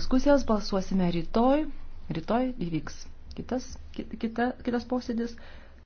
diskusijas, balsuosime rytoj, rytoj įvyks kitas, kita, kitas posėdis.